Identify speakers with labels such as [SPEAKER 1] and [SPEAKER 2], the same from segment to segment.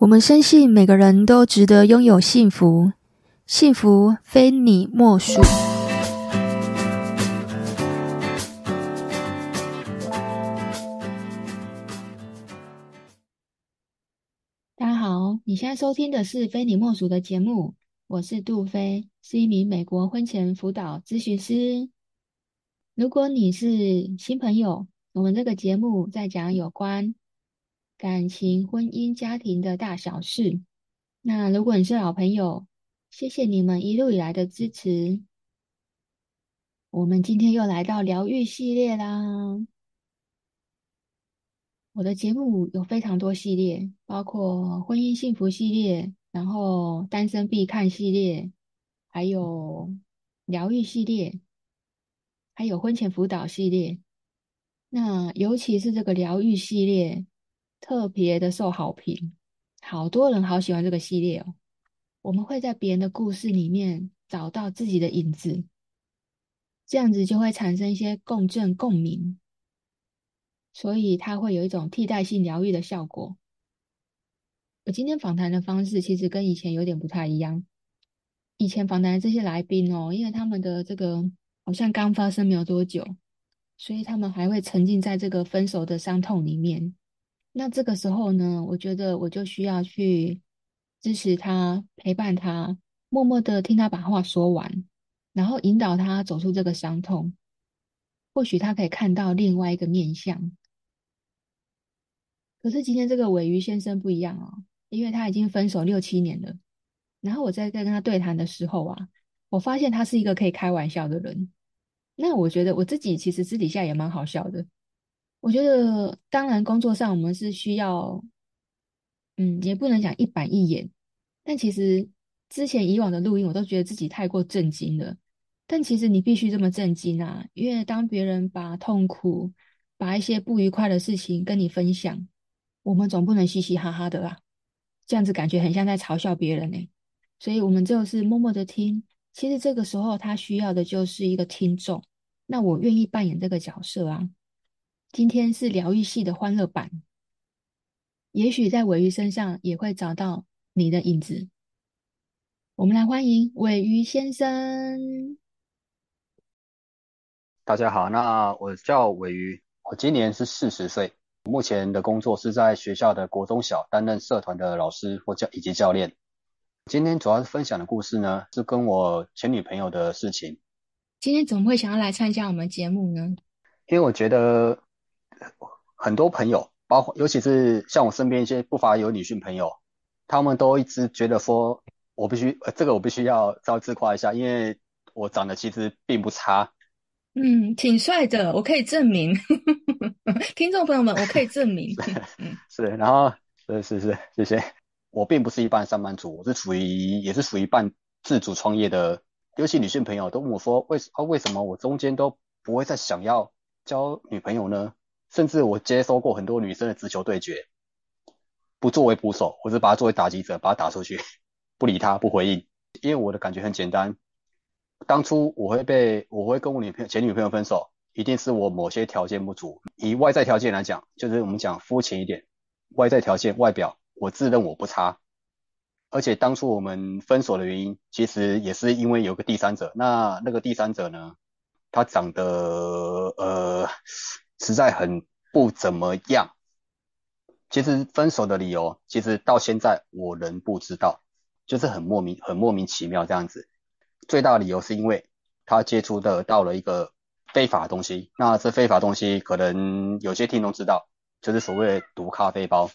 [SPEAKER 1] 我們深信每個人都值得擁有幸福，幸福非你莫屬。大家好，你現在收聽的是《非你莫屬》的節目，我是杜菲，是一名美國婚前輔導諮詢師。如果你是新朋友，我們這個節目在講有關。感情、婚姻、家庭的大小事。那如果你是老朋友，謝謝你們一路以來的支持。我們今天又來到療癒系列啦。我的節目有非常多系列，包括婚姻幸福系列，然後單身必看系列，還有療癒系列，還有婚前輔導系列。那尤其是這個療癒系列。特別的受好評，好多人好喜歡這個系列哦。我們會在別人的故事裡面找到自己的影子，這樣子就會產生一些共振共鳴，所以它會有一種替代性療癒的效果。我今天訪談的方式其實跟以前有點不太一樣，以前訪談的這些來賓哦，因為他們的這個好像剛發生沒有多久，所以他們還會沉浸在這個分手的傷痛裡面。那這個時候呢，我覺得我就需要去支持他、陪伴他，默默的聽他把話說完，然後引導他走出這個傷痛。或許他可以看到另外一個面向。可是今天這個尾魚先生不一樣哦，因為他已經分手六七年了。然後我在在跟他對談的時候啊，我發現他是一個可以開玩笑的人。那我覺得我自己其實私底下也蠻好笑的。我覺得，當然，工作上我們是需要，嗯，也不能講一板一眼。但其實之前以往的錄音，我都覺得自己太過正經了。但其實你必須這麼正經啊，因為當別人把痛苦、把一些不愉快的事情跟你分享，我們總不能嘻嘻哈哈的啦，這樣子感覺很像在嘲笑別人呢、欸。所以我們就是默默的聽。其實這個時候他需要的就是一個聽眾。那我願意扮演這個角色啊。今天是療癒系的歡樂版，也許在尾魚身上也會找到你的影子。我們來歡迎尾魚先生。
[SPEAKER 2] 大家好，那我叫尾魚，我今年是四十歲，目前的工作是在學校的國中小擔任社團的老師或教以及教練。今天主要是分享的故事呢，是跟我前女朋友的事情。
[SPEAKER 1] 今天怎麼會想要來參加我們節目呢？
[SPEAKER 2] 因為我覺得。很多朋友，包括尤其是像我身邊一些不乏有女性朋友，他們都一直覺得說，我必須、呃，這個我必須要稍微自誇一下，因為我長得其實並不差，嗯，
[SPEAKER 1] 挺帥的，我可以證明， 聽眾朋友們，我可以證明，嗯 ，
[SPEAKER 2] 是，然後是是是，謝謝，我並不是一般上班族，我是屬於也是屬於半自主創業的，尤其女性朋友都問我說，為什、啊、為什麼我中間都不會再想要交女朋友呢？甚至我接收過很多女生的直球對決，不作為捕手，或者是把她作為打擊者，把她打出去，不理她，不回應。因為我的感覺很簡單，當初我會被，我會跟我女朋友前女朋友分手，一定是我某些條件不足。以外在條件來講，就是我們講膚淺一點，外在條件，外表，我自認我不差。而且當初我們分手的原因，其實也是因為有個第三者。那那個第三者呢，他長得，呃。實在很不怎麼樣。其實分手的理由，其實到現在我仍不知道，就是很莫名，很莫名其妙這樣子。最大的理由是因為他接觸的到了一個非法的東西。那這非法東西可能有些聽眾知道，就是所謂的毒咖啡包。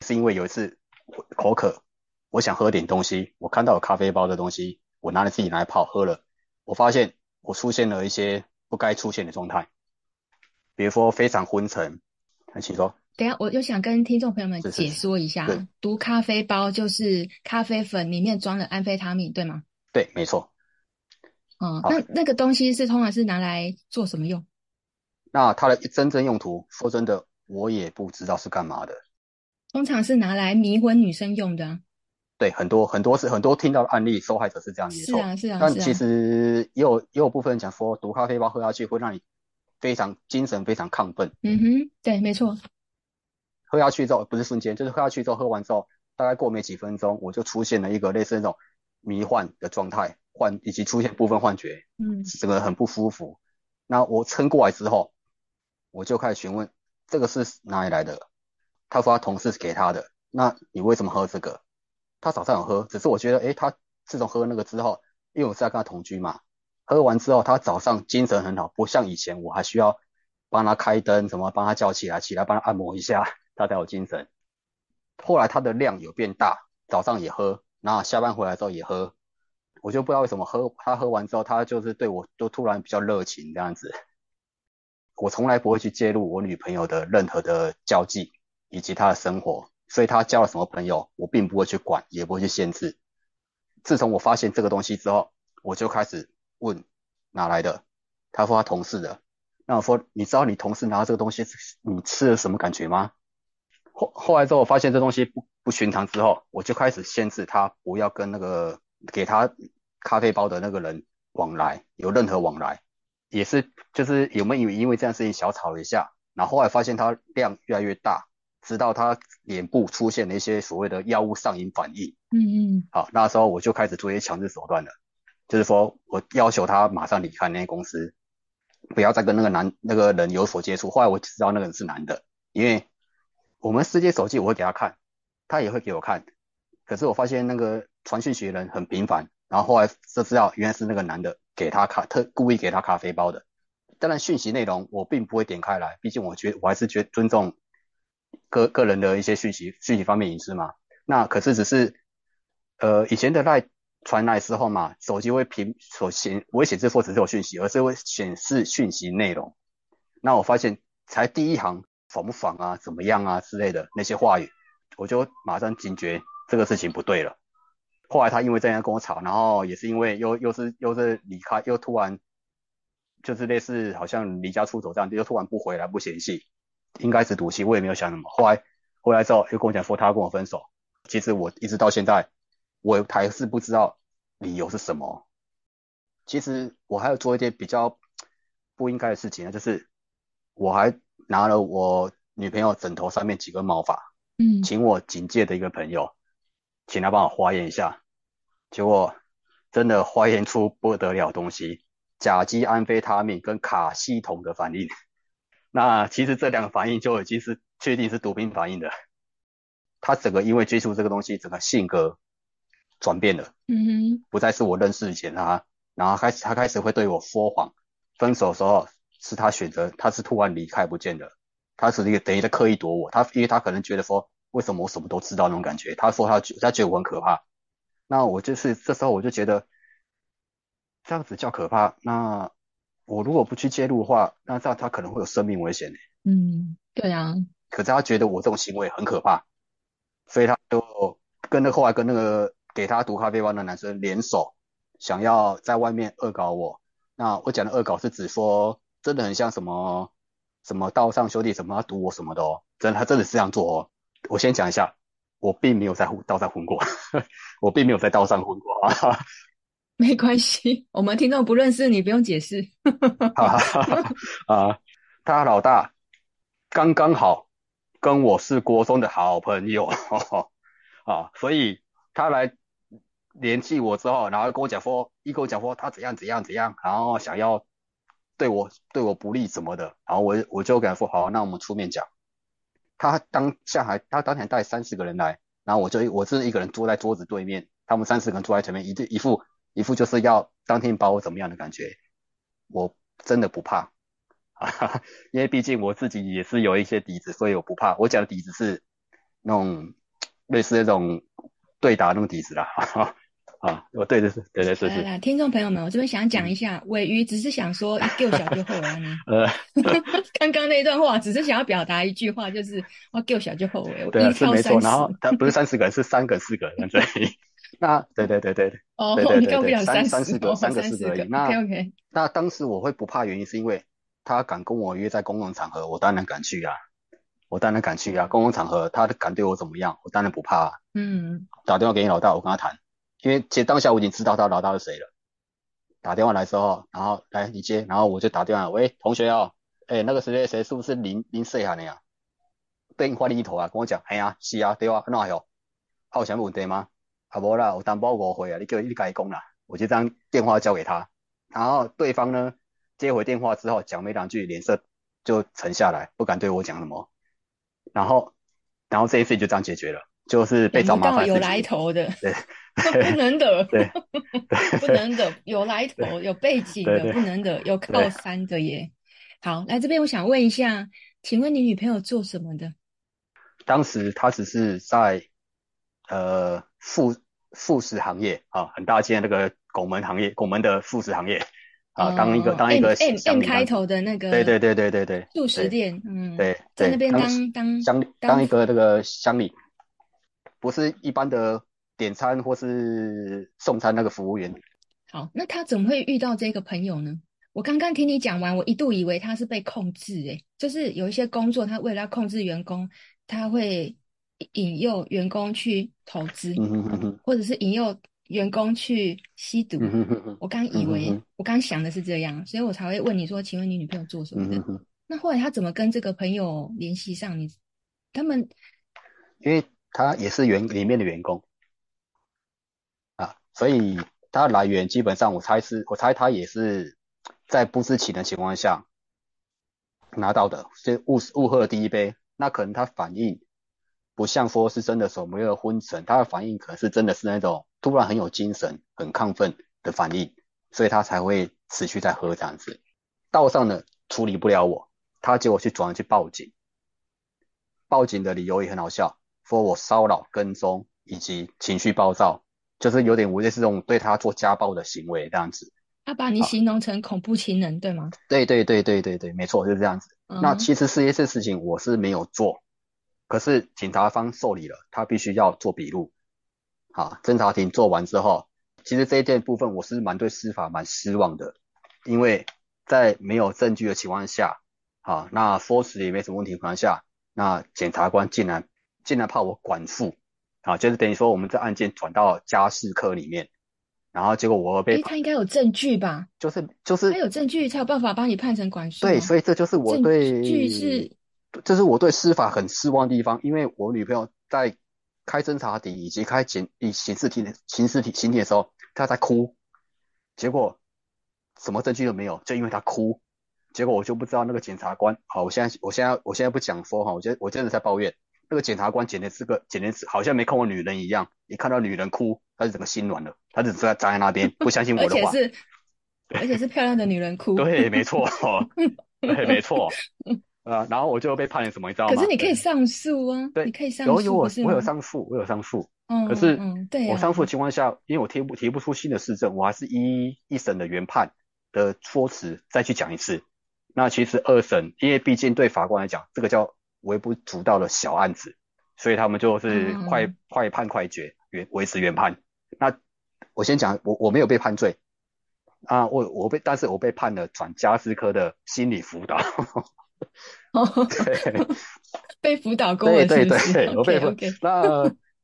[SPEAKER 2] 是因為有一次我口渴，我想喝點東西，我看到有咖啡包的東西，我拿了自己拿來泡喝了，我發現我出現了一些不該出現的狀態。比如說非常昏沉，請說。
[SPEAKER 1] 等一下我又想跟聽眾朋友們解說一下，毒咖啡包就是咖啡粉裡面裝了安非他命，對嗎？
[SPEAKER 2] 對，沒錯。
[SPEAKER 1] 哦、嗯，那那個東西是通常是拿來做什麼用？
[SPEAKER 2] 那它的真正用途，說真的，我也不知道是幹嘛的。
[SPEAKER 1] 通常是拿來迷昏女生用的、啊。
[SPEAKER 2] 對，很多很多是很多聽到的案例，受害者是這樣子。是啊，是啊。但其實、啊、也有也有部分人講說，毒咖啡包喝下去會讓你。非常精神，非常亢奮。嗯
[SPEAKER 1] 哼，對，沒錯。
[SPEAKER 2] 喝下去之後，不是瞬間，就是喝下去之後，喝完之後，大概過沒幾分鐘，我就出現了一個類似那種迷幻的狀態，幻以及出現部分幻覺。嗯，整個人很不舒服，嗯。那我撐過來之後，我就開始詢問，這個是哪裡來的？他說他同事給他的。那你為什麼喝這個？他早上有喝，只是我覺得，哎，他自從喝了那個之後，因為我是要跟他同居嘛。喝完之後，他早上精神很好，不像以前，我還需要幫他開燈，什麼幫他叫起來，起來幫他按摩一下，他才有精神。後來他的量有變大，早上也喝，那下班回來之後也喝，我就不知道為什麼喝。他喝完之後，他就是對我都突然比較熱情這樣子。我從來不會去介入我女朋友的任何的交際以及她的生活，所以她交了什麼朋友，我並不會去管，也不會去限制。自從我發現這個東西之後，我就開始。問哪來的？他說他同事的。那我說，你知道你同事拿這個東西，你吃了什麼感覺嗎？後後來之後我發現這東西不不尋常之後，我就開始限制他不要跟那個給他咖啡包的那個人往來，有任何往來。也是就是有沒有因為這樣事情小吵了一下，然後後來發現他量越來越大，直到他臉部出現了一些所謂的藥物上癮反應。嗯嗯。好，那時候我就開始做一些強制手段了。就是說，我要求他馬上離開那些公司，不要再跟那個男那個人有所接觸。後來我知道那個人是男的，因為我們世界手機我會給他看，他也會給我看。可是我發現那個傳訊息的人很頻繁，然後後來才知道原來是那個男的給他卡特故意給他咖啡包的。當然訊息內容我並不會點開來，畢竟我覺得我還是覺得尊重個個人的一些訊息訊息方面隱私嘛。那可是只是呃以前的賴。傳來之後嘛，手機會屏所顯不會顯示或只是有訊息，而是會顯示訊息內容。那我發現才第一行，煩不煩啊？怎麼樣啊之類的那些話語，我就馬上警覺這個事情不對了。後來他因為這樣跟我吵，然後也是因為又又是又是離開，又突然就是類似好像離家出走這樣，又突然不回來不嫌棄，應該是賭氣，我也沒有想那麼。後來後來之後又跟我講說他跟我分手，其實我一直到現在，我還是不知道理由是什麼。其實我還有做一件比較不應該的事情呢，就是我還拿了我女朋友枕頭上面幾個毛髮，嗯，請我警戒的一個朋友，請他幫我化驗一下，結果真的化驗出不得了東西，甲基安非他命跟卡西酮的反應。那其實這兩個反應就已經是確定是毒品反應的。他整個因為接觸這個東西，整個性格，轉變了，嗯哼，不再是我認識以前他，然後開始他開始會對我說謊。分手的時候是他選擇，他是突然離開不見的，他是一個等於在刻意躲我。他因為他可能覺得說，為什麼我什麼都知道那種感覺。他說他他覺得我很可怕，那我就是這時候我就覺得這樣子叫可怕。那我如果不去介入的話，那這樣他可能會有生命危險。嗯，
[SPEAKER 1] 對啊。
[SPEAKER 2] 可是他覺得我這種行為很可怕，所以他就跟那個、後來跟那個。給他讀咖啡班的男生聯手，想要在外面惡搞我。那我講的惡搞是指說，真的很像什麼什麼道上兄弟什麼堵我什麼的哦。真的，他真的是這樣做哦。我先講一下，我並沒有在道上混過， 我並沒有在道上混過啊。
[SPEAKER 1] 沒關係，我們聽眾不認識你，不用解釋
[SPEAKER 2] 啊。啊，他老大剛剛好跟我是郭松的好朋友 啊，所以他來。聯繫我之後，然後跟我講說，一跟我講說他怎樣怎樣怎樣，然後想要對我對我不利什麼的，然後我我就跟他說，好，那我們出面講。他當下還他當天帶三十個人來，然後我就我是一個人坐在桌子對面，他們三十個人坐在前面，一一副一副就是要當天把我怎麼樣的感覺，我真的不怕，哈哈，因為畢竟我自己也是有一些底子，所以我不怕。我講的底子是那種類似那種對打那種底子啦。哈哈。啊，我對的是對的是。來、啊、
[SPEAKER 1] 來，聽眾朋友們，我這邊想講一下，尾、嗯、魚只是想說，一丟小就後悔嗎？呃、嗯，剛剛 那段話只是想要表達一句話，就是我丟小就後悔、啊。對，我對，是沒錯。然後
[SPEAKER 2] 他不是三十個，個，個，是三個四個在這那對對對對對，哦，你丟不了三三十個，三個四個而已。哦、那 okay, okay. 那，那當時我會不怕，原因是因為他敢跟我約在公共場合，我當然敢去啊，我當然敢去啊。公共場合他敢對我怎麼樣，我當然不怕、啊。嗯。打電話給你老大，我跟他談。因為其實當下我已經知道他老大是誰了。打電話來之後，然後來你接，然後我就打電話，喂，同學哦，哎、欸，那個誰誰誰是不是林林說下呢？對，電話另一頭啊，跟我講，哎呀、啊，是啊，對話那樣？還有、啊、有什麼問題嗎？啊，不啦，我擔保誤會啊，你叫你家工啦，我就這樣電話交給他。然後對方呢接回電話之後，講沒兩句，臉色就沉下來，不敢對我講什麼。然後，然後這一次就這樣解決了，就是被找麻煩。有，有，到有來頭的，對。 不能的， 不
[SPEAKER 1] 能的，有來頭、有背景的對對對，不能的，有靠山的耶。好，來這邊，我想問一下，請問你女朋友做什麼的？
[SPEAKER 2] 當時她只是在呃副副食行業啊，很大件那個拱門行業，拱門的副食行業啊、哦，當一個當一個 M, M, M 開
[SPEAKER 1] 頭的那個，對對
[SPEAKER 2] 對對對對，
[SPEAKER 1] 速食店，嗯，
[SPEAKER 2] 對，在那邊當當鄉當，當，當一個那個鄉里，不是一般的。點餐或是送餐那個服務員，
[SPEAKER 1] 好，那他怎麼會遇到這個朋友呢？我剛剛聽你講完，我一度以為他是被控制，欸，哎，就是有一些工作，他為了要控制員工，他會引誘員工去投資，嗯，或者是引誘員工去吸毒。嗯、哼哼我剛以為，嗯、哼哼我剛想的是這樣，所以我才會問你說，請問你女朋友做什麼的？嗯、哼哼那後來他怎麼跟這個朋友聯繫上？你他們，
[SPEAKER 2] 因為他也是員裡面的員工。所以，他的來源基本上我猜是，我猜他也是在不知情的情況下拿到的，是誤誤喝的第一杯。那可能他反應不像說是真的手沒的昏沉，他的反應可能是真的是那種突然很有精神、很亢奮的反應，所以他才會持續在喝這樣子。道上的處理不了我，他結果我去轉去報警，報警的理由也很好笑，說我騷擾、跟蹤以及情緒暴躁。就是有點意識這種對他做家暴的行為這樣子，
[SPEAKER 1] 他把你形容成恐怖情人對嗎、啊？
[SPEAKER 2] 對對對對對對，沒錯，就是這樣子。Uh -huh. 那其實這些事情我是沒有做，可是警察方受理了，他必須要做筆錄。好、啊，偵查庭做完之後，其實這一件部分我是蠻對司法蠻失望的，因為在沒有證據的情況下，好、啊，那說 e 也沒什麼問題的情況下，那檢察官竟然竟然怕我管父。啊，就是等於說，我們這案件轉到家事科裡面，然後結果我被……欸、他
[SPEAKER 1] 應該有證據吧？
[SPEAKER 2] 就是就是，他有
[SPEAKER 1] 證據，才有辦法幫你判成管訓。對，所以
[SPEAKER 2] 這就是我對證據是，這是我對司法很失望的地方。因為我女朋友在開偵查庭以及開檢以刑事庭刑事庭庭庭的時候，她在哭，結果什麼證據都沒有，就因為她哭，結果我就不知道那個檢察官。好，我現在我現在我現在不講說哈，我覺得我真的在抱怨。這、那個檢察官簡直是個檢是，簡直是好像沒看過女人一樣，一看到女人哭，他是整個心軟了，他只是在站在那邊不相信我的話。 而且是，
[SPEAKER 1] 而且是漂亮的女人哭， 對，沒錯，
[SPEAKER 2] 對，沒錯， 啊，然後我就被判了什麼，你知道嗎？可是你可以
[SPEAKER 1] 上訴啊對，對，你可以上訴有有，我有上
[SPEAKER 2] 訴，我有上訴，嗯，可是我上訴的情況下、嗯啊，因為我提不提不出新的事證，我還是依一一審的原判的說辭再去講一次。那其實二審，因為畢竟對法官來講，這個叫。微不足道的小案子，所以他們就是快、嗯、快判快決，原維持原判。那我先講，我我沒有被判罪啊，我我被，但是我被判了轉家事科的心理輔導。
[SPEAKER 1] 哦、 被輔導過，務員。對對對 okay, okay. 對，那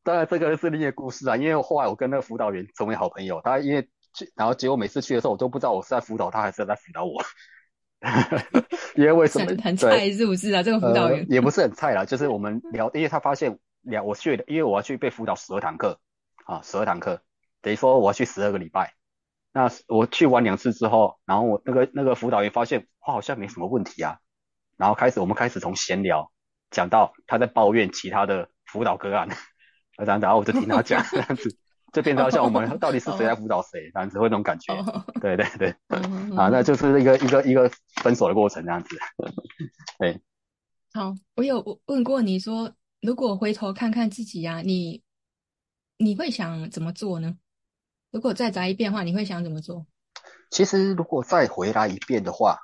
[SPEAKER 2] 當然這個是另一個故事啊，因為後來我跟那個輔導員成為好朋友，他因為去，然後結果每次去的時候，我都不知道我是在輔導他還是在輔導我。 因為為什麼？ 很菜是不是啊？
[SPEAKER 1] 這個輔導員
[SPEAKER 2] 也不是很菜啦， 就是我們聊，因為他發現聊我去，因為我要去被輔導十二堂課，啊，十二堂課，等於說我要去十二個禮拜。那我去完兩次之後，然後我那個那個輔導員發現，哇，好像沒什麼問題啊。然後開始我們開始從閒聊講到他在抱怨其他的輔導個案， 然後然後我就聽他講這樣子， 就變成像我們到底是誰在輔導誰， 這樣子會那種感覺。 對，對對對， 啊，那就是一個一個一個。一個分手的過程
[SPEAKER 1] 這樣子， 對。好，我有問過你說，如果回頭看看自己呀、啊，你你會想怎麼做呢？如果再砸一遍的話，你會想怎麼做？
[SPEAKER 2] 其實，如果再回來一遍的話，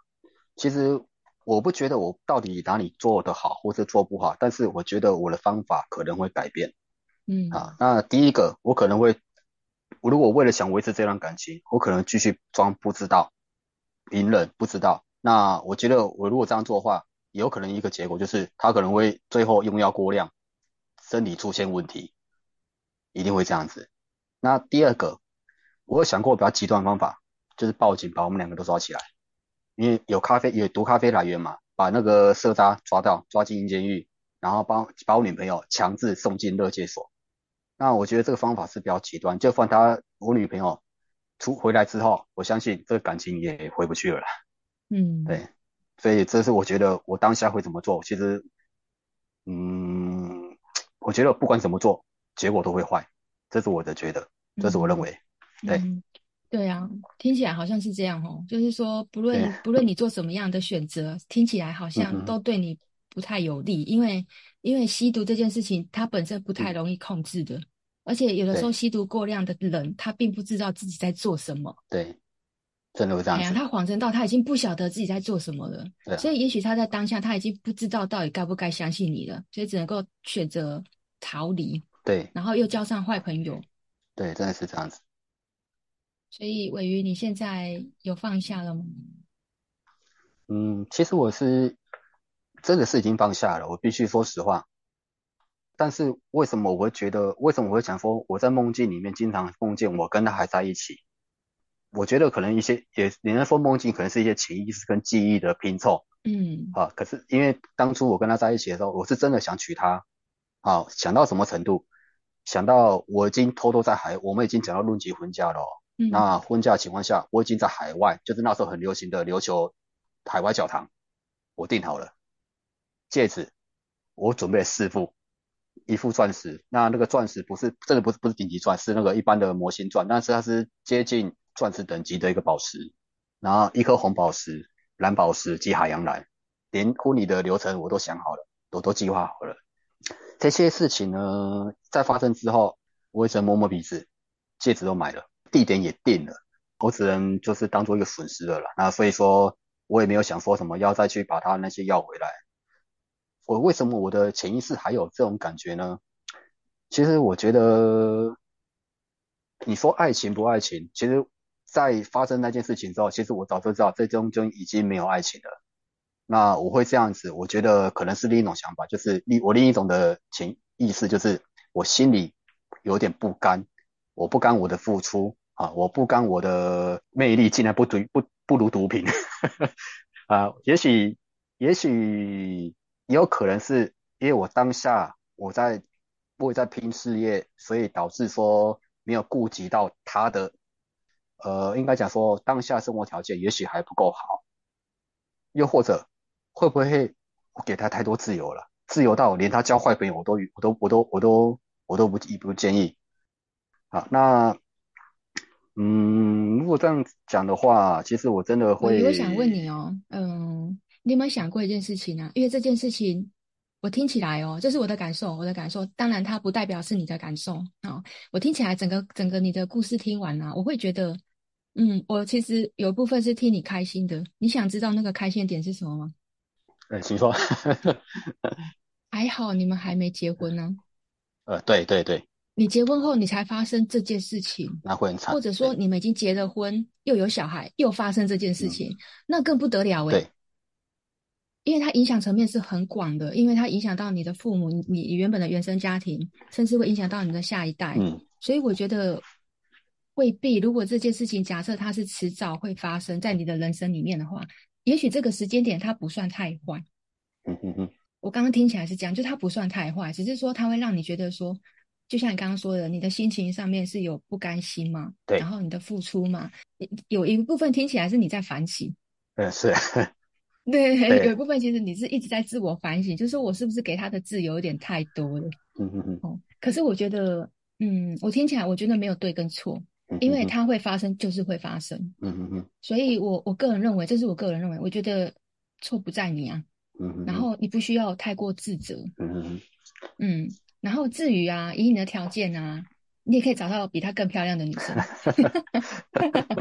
[SPEAKER 2] 其實我不覺得我到底哪裡做得好，或是做不好。但是，我覺得我的方法可能會改變。嗯啊，那第一個，我可能會，我如果為了想維持這段感情，我可能繼續裝不知道，隱忍，不知道。那我覺得，我如果這樣做的話，有可能一個結果就是他可能會最後用藥過量，身體出現問題，一定會這樣子。那第二個，我有想過比較極端的方法，就是報警把我們兩個都抓起來，因為有咖啡有毒咖啡來源嘛，把那個色渣抓到，抓進監獄，然後把把我女朋友強制送進勒戒所。那我覺得這個方法是比較極端，就算他我女朋友出回來之後，我相信這個感情也回不去了啦。嗯，對，所以這是我覺得我當下會怎麼做。其實，嗯，我覺得不管怎麼做，結果都會壞。這是我的覺得，這是我認為。嗯、
[SPEAKER 1] 對、嗯，對啊，聽起來好像是這樣哦、喔。就是說，不論不論你做什麼樣的選擇，聽起來好像都對你不太有利。嗯嗯，因為因為吸毒這件事情，它本身不太容易控制的。嗯、而且有的時候吸毒過量的人，他並不知道自己在做什麼。
[SPEAKER 2] 對。真的會這樣子、哎。他
[SPEAKER 1] 恍神到他已經不曉得自己在做什麼了，所以也許他在當下他已經不知道到底該不該相信你了，所以只能夠選擇逃離。對，然後又交上壞朋友。
[SPEAKER 2] 對，真的是這樣子。
[SPEAKER 1] 所以偉瑜，你現在有放下了嗎？嗯，
[SPEAKER 2] 其實我是真的是已經放下了，我必須說實話。但是為什麼我會覺得？為什麼我會想說我在夢境裡面經常夢見我跟他還在一起？我覺得可能一些也你那說夢境，可能是一些潛意識跟記憶的拼湊。嗯，啊，可是因為當初我跟他在一起的時候，我是真的想娶她。啊，想到什麼程度？想到我已經偷偷在海，我們已經講到論及婚嫁了。嗯，那婚嫁的情況下，我已經在海外，就是那時候很流行的琉球海外教堂，我訂好了戒指，我準備了四副，一副鑽石。那那個鑽石不是真的，不是不是頂級鑽是那個一般的莫桑鑽，但是它是接近。鑽石等級的一個寶石，然後一顆紅寶石、藍寶石及海洋藍，連婚禮的流程我都想好了，都都計劃好了。這些事情呢，在發生之後，我也只能摸摸鼻子，戒指都買了，地點也定了，我只能就是當做一個損失的了啦。那所以說我也沒有想說什麼要再去把它那些要回來。我為什麼我的潛意識還有這種感覺呢？其實我覺得，你說愛情不愛情，其實。在發生那件事情之後，其實我早就知道，最終就已經沒有愛情了。那我會這樣子，我覺得可能是另一種想法，就是另我另一種的情意思就是，我心裡有點不甘，我不甘我的付出啊，我不甘我的魅力竟然不毒不不如毒品 啊。也許，也許也有可能是因為我當下我在，不會在拼事業，所以導致說沒有顧及到他的。呃，應該講說當下生活條件也許還不夠好，又或者會不會給他太多自由了？自由到連他交壞朋友我都我都我都我都我都不我都不，不介意。好，那嗯，如果這樣講的話，其實我真的會。我想問
[SPEAKER 1] 你哦，嗯，你有沒有想過一件事情啊？因為這件事情我聽起來哦，這是我的感受，我的感受，當然它不代表是你的感受啊。好，我聽起來整個整個你的故事聽完了，我會覺得。嗯，我其實有部分是替你開心的。你想知道那個開心點是什麼嗎？
[SPEAKER 2] 哎，請說。 還
[SPEAKER 1] 好你們還沒結婚呢、啊。
[SPEAKER 2] 呃，對對對。
[SPEAKER 1] 你結婚後，你才發生這件事情，那會很慘。或者說你們已經結了婚，又有小孩，又發生這件事情，嗯、那更不得了哎。對。因為它影響層面是很廣的，因為它影響到你的父母，你原本的原生家庭，甚至會影響到你的下一代。嗯。所以我覺得。未必，如果這件事情假設它是遲早會發生在你的人生裡面的話，也許這個時間點它不算太壞。嗯哼哼，我剛剛聽起來是這樣，就它不算太壞，只是說它會讓你覺得說，就像你剛剛說的，你的心情上面是有不甘心嘛？對。然後你的付出嘛，有一部分聽起來是你在反省。嗯，是 對。對，有一部分其實你是一直在自我反省，就是說我是不是給他的自由有點太多了？嗯哼哼。哦，可是我覺得，嗯，我聽起來我覺得沒有對跟錯。因為它會發生，就是會發生。嗯嗯嗯。所以我，我我個人認為，這是我個人認為，我覺得錯不在你啊。嗯嗯。然後你不需要太過自責。嗯嗯嗯。嗯，然後至於啊，以你的條件啊，你也可以找到比他更漂亮的女生。哈哈哈哈哈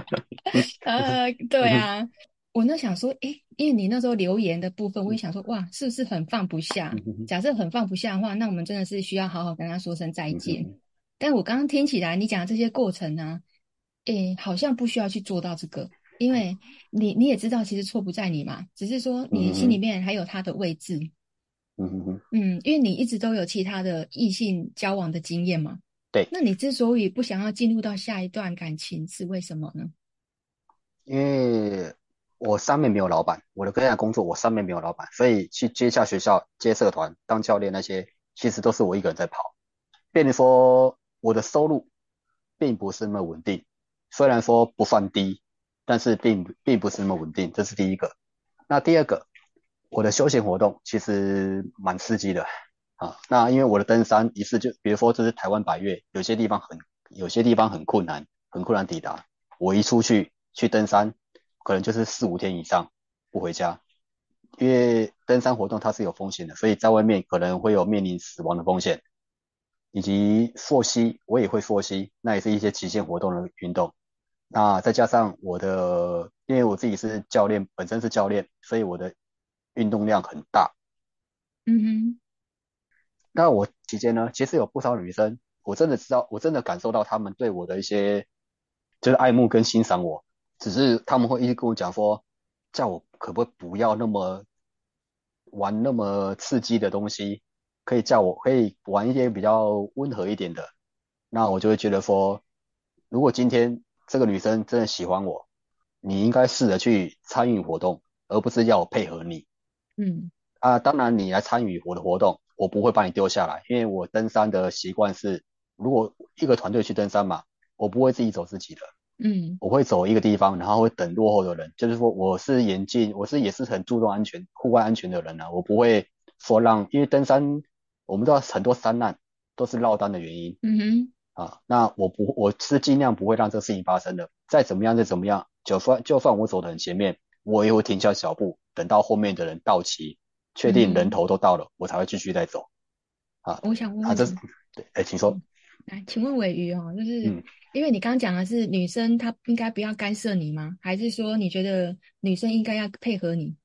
[SPEAKER 1] 哈！對啊，我那想說，哎，因為你那時候留言的部分，我也想說，哇，是不是很放不下、嗯哼哼？假設很放不下的話，那我們真的是需要好好跟他說聲再見。嗯哼哼但我剛剛聽起來，你講的這些過程呢、啊，誒、欸，好像不需要去做到這個，因為你你也知道，其實錯不在你嘛，只是說你心裡面還有他的位置，
[SPEAKER 2] 嗯
[SPEAKER 1] 哼哼，嗯，因為你一直都有其他的異性交往的經驗嘛，對，那你之所以不想要進入到下一段感情，是為什麼呢？因
[SPEAKER 2] 為我上面沒有老板，我的各項工作，我上面沒有老板，所以去接下學校、接社團、當教練那些，其實都是我一個人在跑，變的說。我的收入並不是那麼穩定，雖然說不算低，但是並並不是那麼穩定，這是第一個。那第二個，我的休閒活動其實蠻刺激的啊。那因為我的登山，一次就比如說這是台灣百岳，有些地方很，有些地方很困難，很困難抵達。我一出去去登山，可能就是四五天以上不回家，因為登山活動它是有風險的，所以在外面可能會有面臨死亡的風險。以及溯溪，我也會溯溪，那也是一些極限活動的運動。那再加上我的，因為我自己是教練，本身是教練，所以我的運動量很大。嗯哼。那我期間呢，其實有不少女生，我真的知道，我真的感受到她們對我的一些就是愛慕跟欣賞我。我只是她們會一直跟我講說，叫我可不可以不要那麼玩那麼刺激的東西。可以叫我可以玩一些比較溫和一點的，那我就會覺得說，如果今天這個女生真的喜歡我，你應該試着去參與活動，而不是要我配合你。嗯啊，當然你來參與我的活動，我不會把你丟下來，因為我登山的習慣是，如果一個團隊去登山嘛，我不會自己走自己的。嗯，我會走一個地方，然後會等落後的人，就是說我是嚴謹，我是也是很注重安全、戶外安全的人啊，我不會說讓因為登山。我們都知道很多山難，都是落單的原因。嗯哼。啊，那我不，我是盡量不會讓這個事情發生的。再怎麼樣，再怎麼樣，就算就算我走得很前面，我也會停下腳步，等到後面的人到齊，確定人頭都到了，我才會繼續再走，嗯。啊，
[SPEAKER 1] 我想問，啊，這。
[SPEAKER 2] 是，對，哎、欸，請說。
[SPEAKER 1] 來、嗯，請問尾魚哦，就是、嗯、因為你剛講的是女生她應該不要干涉你嗎？還是說你覺得女生應該要配合你？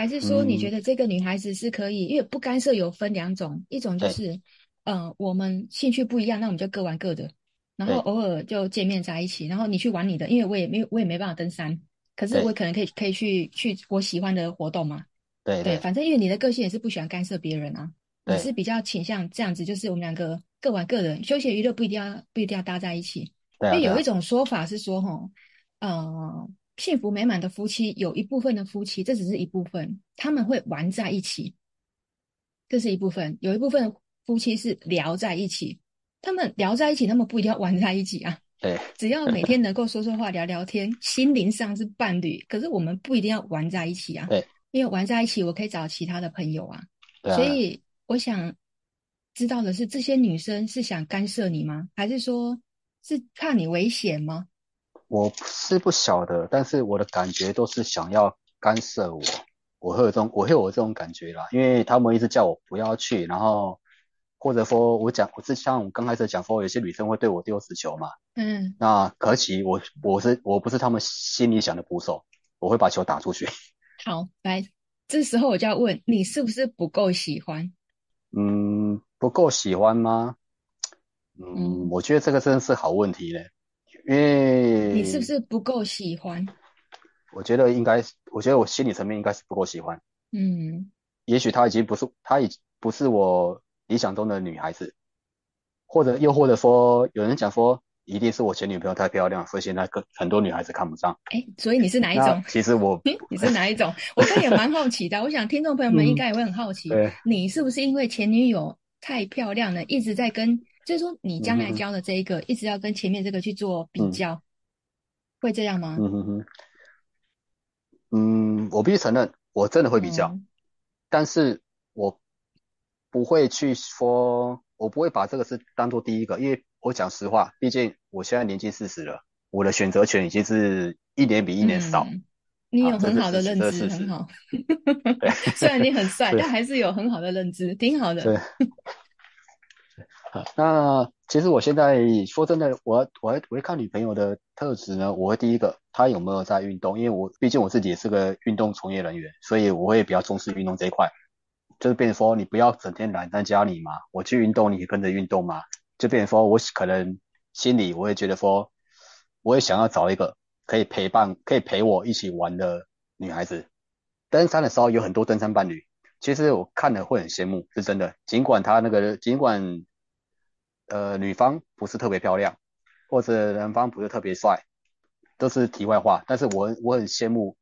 [SPEAKER 1] 還是說你覺得這個女孩子是可以、嗯？因為不干涉有分兩種，一種就是，嗯、呃，我們興趣不一樣，那我們就各玩各的，然後偶爾就見面在一起，然後你去玩你的，因為我也沒我也沒辦法登山，可是我可能可以可以去去我喜歡的活動嘛。對對，對，反正因為你的個性也是不喜歡干涉別人啊，你是比較傾向這樣子，就是我們兩個各玩各的，休閒娛樂不一定要不一定要搭在一起
[SPEAKER 2] 對、啊。因為有一種
[SPEAKER 1] 說法是說，哈、呃，嗯。幸福美滿的夫妻，有一部分的夫妻，這只是一部分，他們會玩在一起，這是一部分。有一部分的夫妻是聊在一起，他們聊在一起，他們不一定要玩在一起啊。對，只要每天能夠說說話、 聊聊天，心靈上是伴侶。可是我們不一定要玩在一起啊。對，因為玩在一起，我可以找其他的朋友啊。對啊，所以我想知道的是，這些女生是想干涉你嗎？還是說，是怕你危險嗎？
[SPEAKER 2] 我是不曉得，但是我的感覺都是想要干涉我，我會有這種，我會有這種感覺啦。因為他們一直叫我不要去，然後或者說我講，我是像我剛開始講說，有些女生會對我丟死球嘛。嗯，那可惜，我我是我不是他們心裡想的捕手，我會把球打出去。
[SPEAKER 1] 好，來，這時候我就要問，你是不是不夠喜歡？
[SPEAKER 2] 嗯，不夠喜歡嗎？嗯，嗯，我覺得這個真的是好問題嘞。因為你是不
[SPEAKER 1] 是不夠喜歡？
[SPEAKER 2] 我覺得應該是，我覺得我心理層面應該是不夠喜歡。嗯，也許她已經不是，她已經不是我理想中的女孩子，或者又或者說，有人講說，一定是我前女朋友太漂亮，所以現在個很多女孩子看不上。哎、
[SPEAKER 1] 欸，所以你是哪一種？
[SPEAKER 2] 其實我 你是哪
[SPEAKER 1] 一種？我這也蠻好奇的。 我想聽眾朋友們應該也會很好奇、嗯，你是不是因為前女友太漂亮了，一直在跟？所以說，你將來教的這一個，一直要跟前面這個去做比較、嗯，會這樣嗎？嗯
[SPEAKER 2] 哼哼。嗯，我必須承認，我真的會比較、嗯，但是我不會去說，我不會把這個事當做第一個，因為我講實話，畢竟我現在年紀四十了，我的選擇權已經是一年比一年少。嗯、
[SPEAKER 1] 你有很好的認知，啊、很好。 雖然你很帥，但還是有很好的認知，挺好的。對
[SPEAKER 2] 嗯、那其實我現在說真的，我我我會看女朋友的特質呢。我會第一個，她有沒有在運動？因為我畢竟我自己也是個運動從業人員，所以我會比較重視運動這一塊。就變成說，你不要整天宅在家裡嘛，我去運動，你可以跟着運動嘛。就變成說，我可能心裡我會覺得說，我也想要找一個可以陪伴、可以陪我一起玩的女孩子。登山的時候有很多登山伴侶，其實我看了會很羨慕，是真的。儘管她那個，儘管。呃，女方不是特別漂亮，或者男方不是特別帥，都是題外話。但是我我很羨慕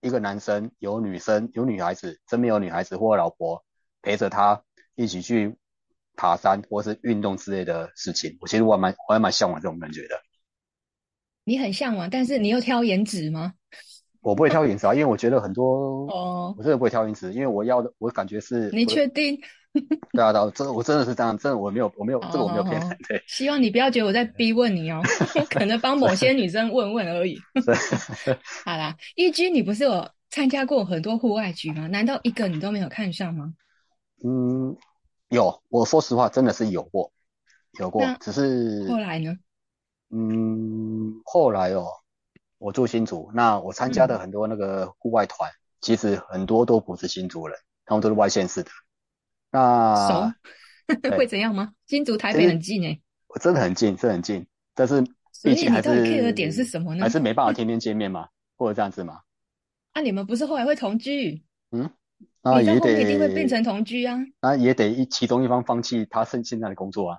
[SPEAKER 2] 一個男生有女生有女孩子身邊有女孩子或老婆陪着他一起去爬山或是運動之類的事情。我其實我還蠻我還蠻向往這種感覺的。
[SPEAKER 1] 你很向往，但是你又挑顏值嗎？
[SPEAKER 2] 我不會挑顏值啊，oh. 因為我覺得很多哦，oh. 我真的不會挑顏值，因為我要的我感覺是。你確定？對啊，對啊，我真的是這樣，真的我沒有，我沒有，oh, 這個我沒有騙、oh, oh.
[SPEAKER 1] 希望你不要覺得我在逼問你哦、喔， 可能幫某些女生問問而已。
[SPEAKER 2] 對
[SPEAKER 1] 好啦，一居，你不是有參加過很多戶外局嗎？難道一個你都沒有看上嗎？嗯，
[SPEAKER 2] 有，我說實話，真的是有過，有過，只是。後來呢？嗯，後來哦、喔。我住新竹，那我參加的很多那個戶外團、嗯，其實很多都不是新竹人，他們都是外縣市的。那熟
[SPEAKER 1] 會怎樣嗎？新竹台北很近
[SPEAKER 2] 我、欸欸，真的很近，真的很近。但是畢竟還是，所以你知道 care 的點是什麼呢？還是沒辦法天天見面嗎、欸、或者這樣子嗎那、
[SPEAKER 1] 啊、你們不是後來會同居？
[SPEAKER 2] 嗯，那也得一定會變成同居啊。那、啊、也得一其中一方放棄他現現在的工作啊？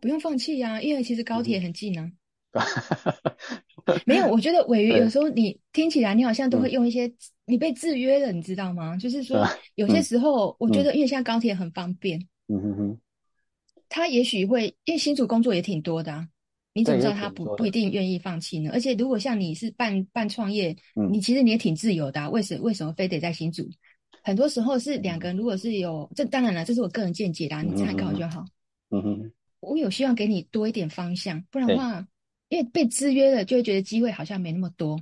[SPEAKER 1] 不用放棄呀、啊，因為其實高鐵很近啊。嗯 沒有，我覺得瑋瑜有時候你聽起來，你好像都會用一些你被制約了、嗯，你知道嗎？就是說有些時候，我覺得因為現在高鐵很方便，嗯哼
[SPEAKER 2] 哼，
[SPEAKER 1] 他、嗯嗯嗯、也許會因為新竹工作也挺多的、啊，你怎麼知道他不不一定願意放棄呢？而且如果像你是半半創業、嗯，你其實你也挺自由的、啊，為什麼為什麼非得在新竹？很多時候是兩個人，如果是有這當然了，這是我個人見解啦、啊，你參考就好。嗯哼、嗯嗯嗯，我有希望給你多一點方向，不然的話。因為被制約了，就會覺得機會好像沒那麼多。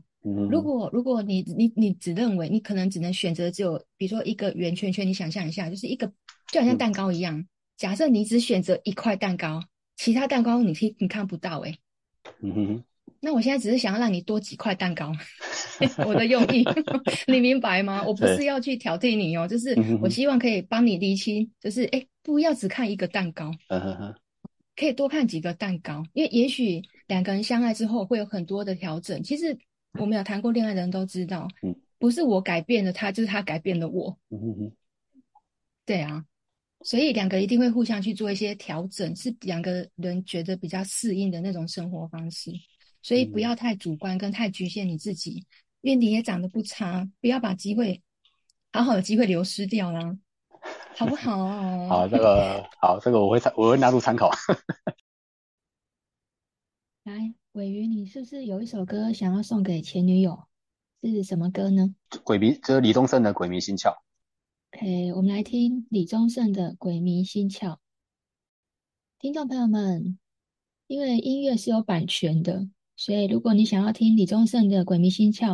[SPEAKER 1] 如果如果你你你只認為你可能只能選擇，只有比如說一個圓圈圈，你想象一下，就是一個就好像蛋糕一樣、嗯。假設你只選擇一塊蛋糕，其他蛋糕你你你看不到哎、欸。嗯哼，那我現在只是想要讓你多幾塊蛋糕， 我的用意 你明白嗎？我不是要去挑剔你哦，嗯、就是我希望可以幫你釐清，就是哎、欸，不要只看一個蛋糕、
[SPEAKER 2] 嗯，
[SPEAKER 1] 可以多看幾個蛋糕，因為也許。兩個人相愛之後會有很多的調整。其實，我們有談過戀愛的人都知道，嗯，不是我改變了他，就是他改變了我。嗯哼哼，對啊，所以兩個一定會互相去做一些調整，是兩個人覺得比較適應的那種生活方式。所以不要太主觀跟太局限你自己，嗯，因為你也長得不差，不要把機會好好的機會流失掉啦，啊。好不好，啊？ 好，這個
[SPEAKER 2] 好，這個我會我會納入參考。
[SPEAKER 1] 來，偉雲，你是不是有一首歌想要送給前女友？是什麼歌呢？
[SPEAKER 2] 鬼迷，這、就是李宗盛的《鬼迷心竅》。
[SPEAKER 1] OK，我們來聽李宗盛的《鬼迷心竅》。聽眾朋友們，因為音樂是有版權的，所以如果你想要聽李宗盛的《鬼迷心竅》，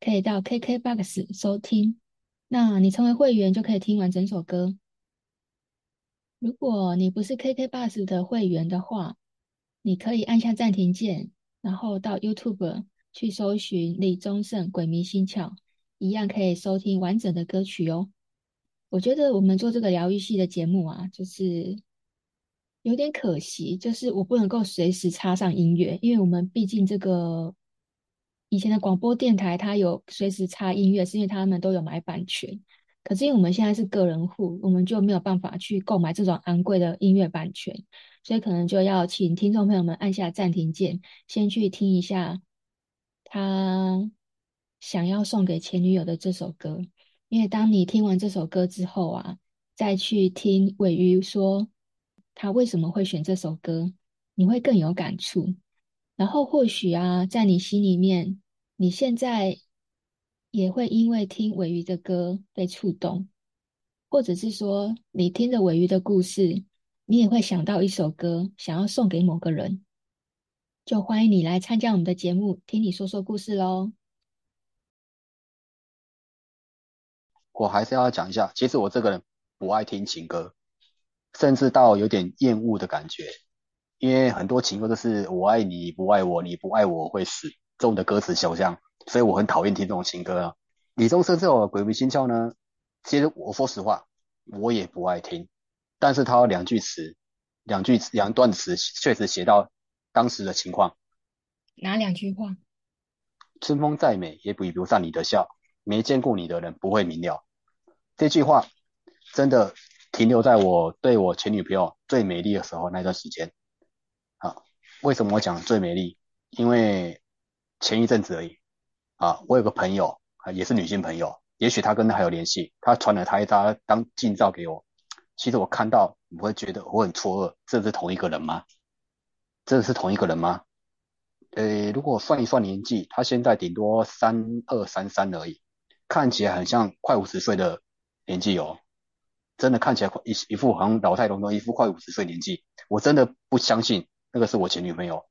[SPEAKER 1] 可以到 KKBOX 收聽。那你成為會員就可以聽完整首歌。如果你不是 KKBOX 的會員的話，你可以按下暫停鍵，然後到 YouTube 去搜尋李宗盛《鬼迷心竅》，一樣可以收聽完整的歌曲喲，哦。我覺得我們做這個療癒系的節目啊，就是有點可惜，就是我不能夠隨時插上音樂，因為我們畢竟這個以前的廣播電台它有隨時插音樂，是因為他們都有買版權。可是因為我們現在是個人戶，我們就沒有辦法去購買這種昂貴的音樂版權，所以可能就要請聽眾朋友們按下暫停鍵，先去聽一下他想要送給前女友的這首歌。因為當你聽完這首歌之後啊，再去聽魏宇說他為什麼會選這首歌，你會更有感觸。然後或許啊，在你心裡面，你現在。也會因為聽尾魚的歌被觸動，或者是說你聽着尾魚的故事，你也會想到一首歌，想要送給某個人，就歡迎你來參加我們的節目，聽你說說故事嘍。
[SPEAKER 2] 我還是要講一下，其實我這個人不愛聽情歌，甚至到有點厭惡的感覺，因為很多情歌都是我愛你，你不愛我，你不愛我，我會死，這種的歌詞走向。所以我很討厭聽這種情歌啊。李宗盛這首《鬼迷心竅》呢，其實我說實話，我也不愛聽。但是他有兩句詞，兩句，兩段詞確實寫到當時的情況。
[SPEAKER 1] 哪兩句話？
[SPEAKER 2] 春風再美，也比不上你的笑。沒見過你的人不會明了。這句話真的停留在我對我前女朋友最美麗的時候那段時間。啊，為什麼我講最美麗？因為前一陣子而已。啊，我有個朋友，也是女性朋友，也許她跟他還有聯繫。她傳了她一張當近照給我，其實我看到我會覺得我很錯愕，這是同一個人嗎？這是同一個人嗎？呃、欸，如果算一算年紀，她現在頂多三二三三而已，看起來很像快五十歲的年紀哦，真的看起來一一副好像老態龍鍾，一副,一副快五十歲年紀，我真的不相信那個是我前女朋友，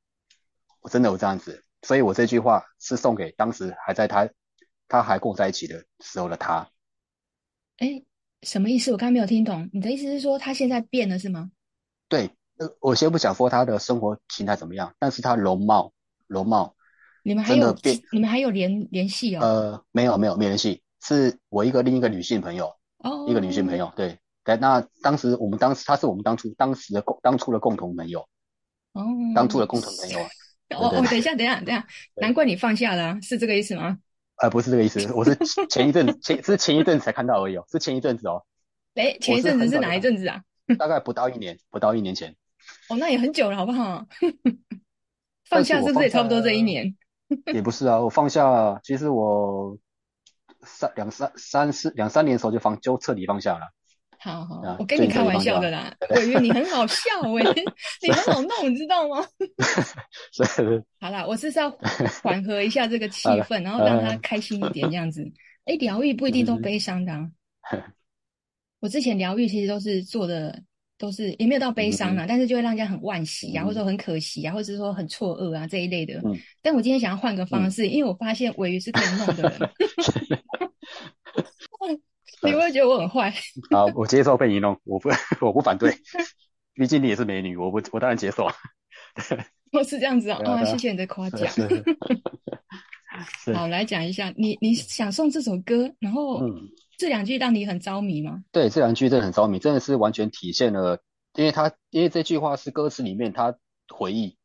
[SPEAKER 2] 我真的有這樣子。所以我這句話是送給當時還在他，他還跟我在一起的時候的他。誒，什
[SPEAKER 1] 麼意思？我剛剛沒有聽懂。你的意思是說他現在變了是嗎？
[SPEAKER 2] 對，呃，我先不想說他的生活形態怎麼樣，但是他容貌，容貌，
[SPEAKER 1] 你們還有你們還有聯聯繫啊、哦？呃，
[SPEAKER 2] 沒有沒有沒聯繫，是我一個另一個女性朋友，Oh. 一個女性朋友，對對。那當時我們當時他是我們當初當時的共當初的共同朋友，
[SPEAKER 1] 哦，當初的共同朋友。Oh. 當初的共同我、oh, 我、oh, 等一下等一下等一下，難怪你放下了？啊，是這個意思嗎？
[SPEAKER 2] 呃，不是這個意思，我是前一陣子 前是前一陣子才看到而已哦，是前一陣子哦。
[SPEAKER 1] 哎，前一陣子是、啊、是哪一陣子啊？
[SPEAKER 2] 大概不到一年，不到一年前。
[SPEAKER 1] 哦，那也很久了，好不好？
[SPEAKER 2] 放下是不是也差不多這一年？也不是啊，我放下其實我三兩三三四兩三年的時候就放就徹底放下了。
[SPEAKER 1] 好好、啊，我跟你開玩笑的啦。鮪魚你很好笑哎、欸， 你很好弄，你知道嗎？ 好啦，我是要緩和一下這個氣氛， 然後讓他開心一點這樣子。哎、 欸，療癒不一定都悲傷的、啊。 我之前療癒其實都是做的，都是也沒有到悲傷啊嗯嗯，但是就會讓人家很惋惜啊，嗯、或者說很可惜啊，或者是說很錯愕啊這一類的、嗯。但我今天想要換個方式、嗯，因為我發現鮪魚是可以弄的。 你不會覺得我很壞、
[SPEAKER 2] 嗯、好，我接受被你弄，我不，我不反對。 畢竟你也是美女，我不，我當然接受、啊。
[SPEAKER 1] 我是這樣子、喔、啊，啊哇，謝謝你的誇
[SPEAKER 2] 獎。 好，
[SPEAKER 1] 來講一下，你你想送這首歌，然後這兩句讓你很着迷嗎、嗯？
[SPEAKER 2] 對，這兩句真的很着迷，真的是完全體現了，因為他，因為這句話是歌詞裡面他回憶，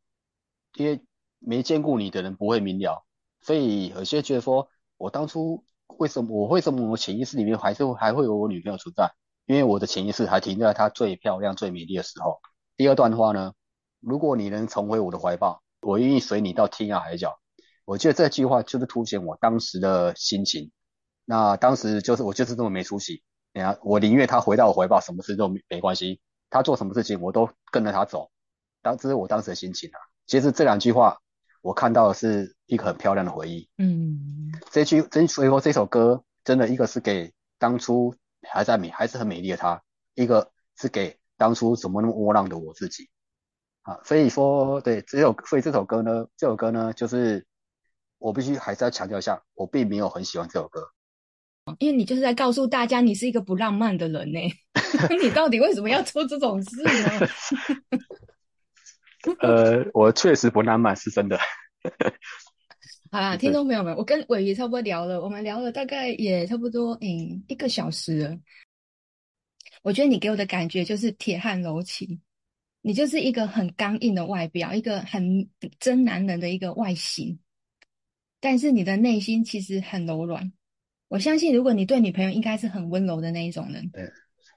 [SPEAKER 2] 因為沒見過你的人不會明了，所以有些人覺得說我當初。為什麼我為什麼我潛意識裡面還是還會有我女朋友存在？因為我的潛意識還停留在她最漂亮最美麗的時候。第二段話呢，如果你能重回我的懷抱，我願意隨你到天涯海角。我覺得這句話就是凸顯我當時的心情。那當時就是我就是這麼沒出息，呀，我寧願她回到我懷抱，什麼事都沒沒關係，她做什麼事情我都跟着她走。當這是我當時的心情。啊，其實這兩句話。我看到的是一個很漂亮的回憶。嗯，這句真，所以說這首歌，真的一個是給當初還在美還是很美麗的她，一個是給當初怎麼那麼窩囊的我自己。啊，所以說，對，這首，所以這首歌呢，這首歌呢，就是我必須還是要強調一下，我並沒有很喜歡這首歌，
[SPEAKER 1] 因為你就是在告訴大家你是一個不浪漫的人呢。 你到底為什麼要做這種事呢？
[SPEAKER 2] 呃，我確實不浪漫，是真的。
[SPEAKER 1] 好啦，聽眾朋友們，我跟瑋瑜差不多聊了，我們聊了大概也差不多，嗯，一個小時了。我覺得你給我的感覺就是鐵漢柔情，你就是一個很剛硬的外表，一個很真男人的一個外形，但是你的內心其實很柔軟。我相信，如果你對女朋友，應該是很溫柔的那一種人。對。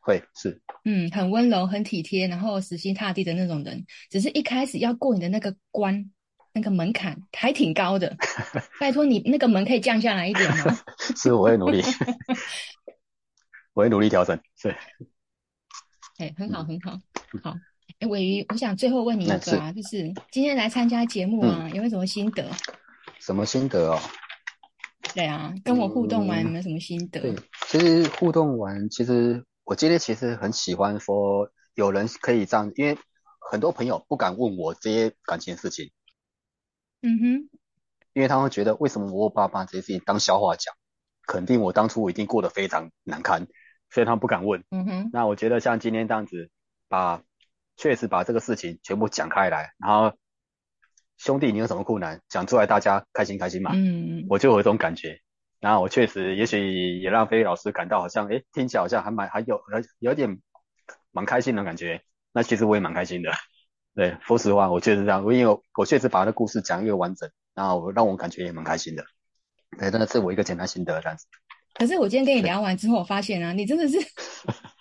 [SPEAKER 2] 會是
[SPEAKER 1] 嗯，很溫柔、很體貼，然後死心塌地的那種人。只是一開始要過你的那個關，那個門檻還挺高的。 拜託你那個門可以降下來一點嗎？
[SPEAKER 2] 是，我會努力， 我會努力調整。對
[SPEAKER 1] 哎，很好，很、嗯、好，好。瑋瑜我想最後問你一個啊，是就是今天來參加節目啊、嗯，有沒有什麼心得？
[SPEAKER 2] 什麼心得哦？
[SPEAKER 1] 對啊，跟我互動完、嗯、有沒有什麼心得？
[SPEAKER 2] 對，其實互動完，其實。我今天其實很喜歡說，有人可以這樣，因為很多朋友不敢問我這些感情的事情。嗯哼，因為他們覺得，為什麼我爸爸把這些事情當笑話講？肯定我當初我一定過得非常難堪，所以他們不敢問。嗯哼，那我覺得像今天這樣子，把確實把這個事情全部講開來，然後兄弟你有什麼困難講出來，大家開心開心嘛。嗯，我就有一種感覺。然後我確實，也許也讓菲菲老師，感到好像，哎，聽起來好像還蠻還有，還有有點蠻開心的感覺。那其實我也蠻開心的，對，說實話，我確實這樣。因為我確實把他的故事講一個完整，然後我讓我感覺也蠻開心的。對，真的是我一個簡單心得這樣子。
[SPEAKER 1] 可是我今天跟你聊完之後，我發現啊，你真的是，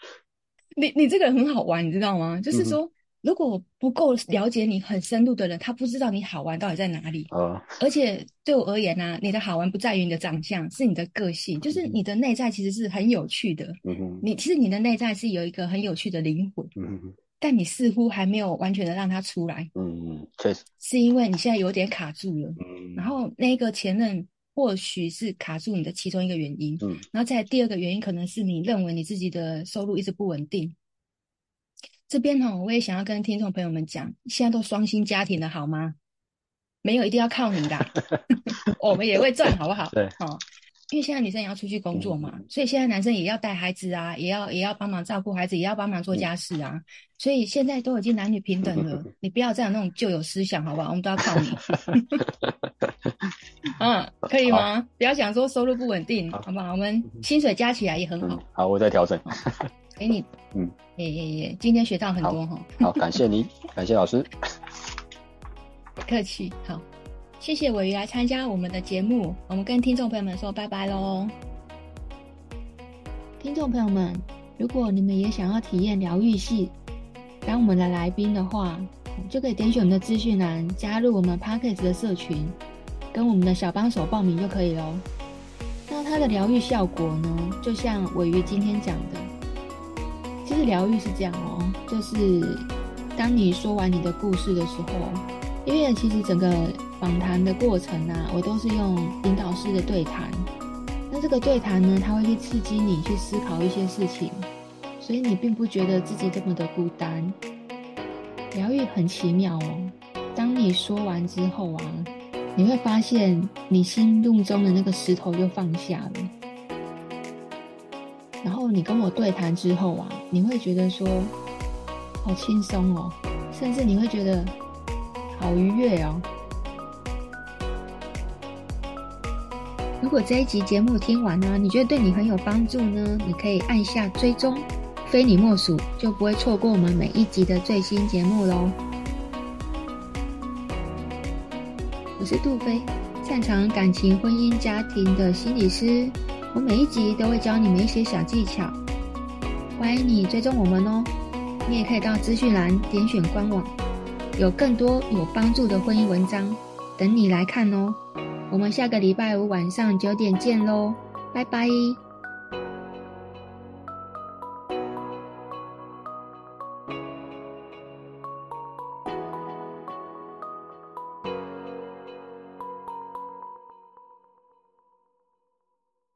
[SPEAKER 1] 你你這個人很好玩，你知道嗎？就是說。如果不夠了解你很深入的人、嗯，他不知道你好玩到底在哪裡。啊、而且對我而言呢、啊，你的好玩不在於你的長相，是你的個性，就是你的內在其實是很有趣的。嗯嗯。你其實你的內在是有一個很有趣的靈魂。嗯嗯。但你似乎還沒有完全的讓它出來。嗯嗯，確實。是因為你現在有點卡住了。嗯。然後那個前任或許是卡住你的其中一個原因。嗯。然後再第二個原因可能是你認為你自己的收入一直不穩定。這邊呢、哦、我也想要跟聽眾朋友們講，現在都雙薪家庭了，好嗎？沒有一定要靠你的， 我們也會賺，好不好？對，對哦、因為現在女生也要出去工作嘛、嗯，所以現在男生也要帶孩子啊，也要也要幫忙照顧孩子，也要幫忙做家事啊、嗯，所以現在都已經男女平等了，嗯、你不要再有那種舊有思想，好不好？我們都要靠你，嗯、 啊，可以嗎？不要想說收入不穩定，好好吧？我們薪水加起來也很好，
[SPEAKER 2] 嗯、好，我再調整。 給、欸、你，嗯，
[SPEAKER 1] 也也也，今天學到很多哈。
[SPEAKER 2] 好，感謝您， 感謝老師。不
[SPEAKER 1] 客氣。好，謝謝偉宇來參加我們的節目。我們跟聽眾朋友們說拜拜嘍。聽眾朋友們，如果你們也想要體驗療癒系當我們的來賓的話，就可以點選我們的資訊欄，加入我們 Podcast 的社群，跟我們的小幫手報名就可以嘍。那它的療癒效果呢，就像偉宇今天講的。其實療癒是這樣哦，就是當你說完你的故事的時候，因為其實整個訪談的過程呢、啊，我都是用引導式的對談。那這個對談呢，它會去刺激你去思考一些事情，所以你並不覺得自己這麼的孤單。療癒很奇妙哦，當你說完之後啊，你會發現你心目中的那個石頭又放下了。然後你跟我對談之後啊，你會覺得說好輕鬆哦，甚至你會覺得好愉悅哦。如果這一集節目聽完呢、啊，你覺得對你很有幫助呢，你可以按下追蹤，菲妳莫屬，就不會錯過我們每一集的最新節目嘍。我是杜菲，擅長感情、婚姻、家庭的心理師。我每一集都會教你們一些小技巧，歡迎你追蹤我們哦。你也可以到資訊欄點選官網，有更多有幫助的婚姻文章等你來看哦。我們下個禮拜五晚上九點見嘍，拜拜。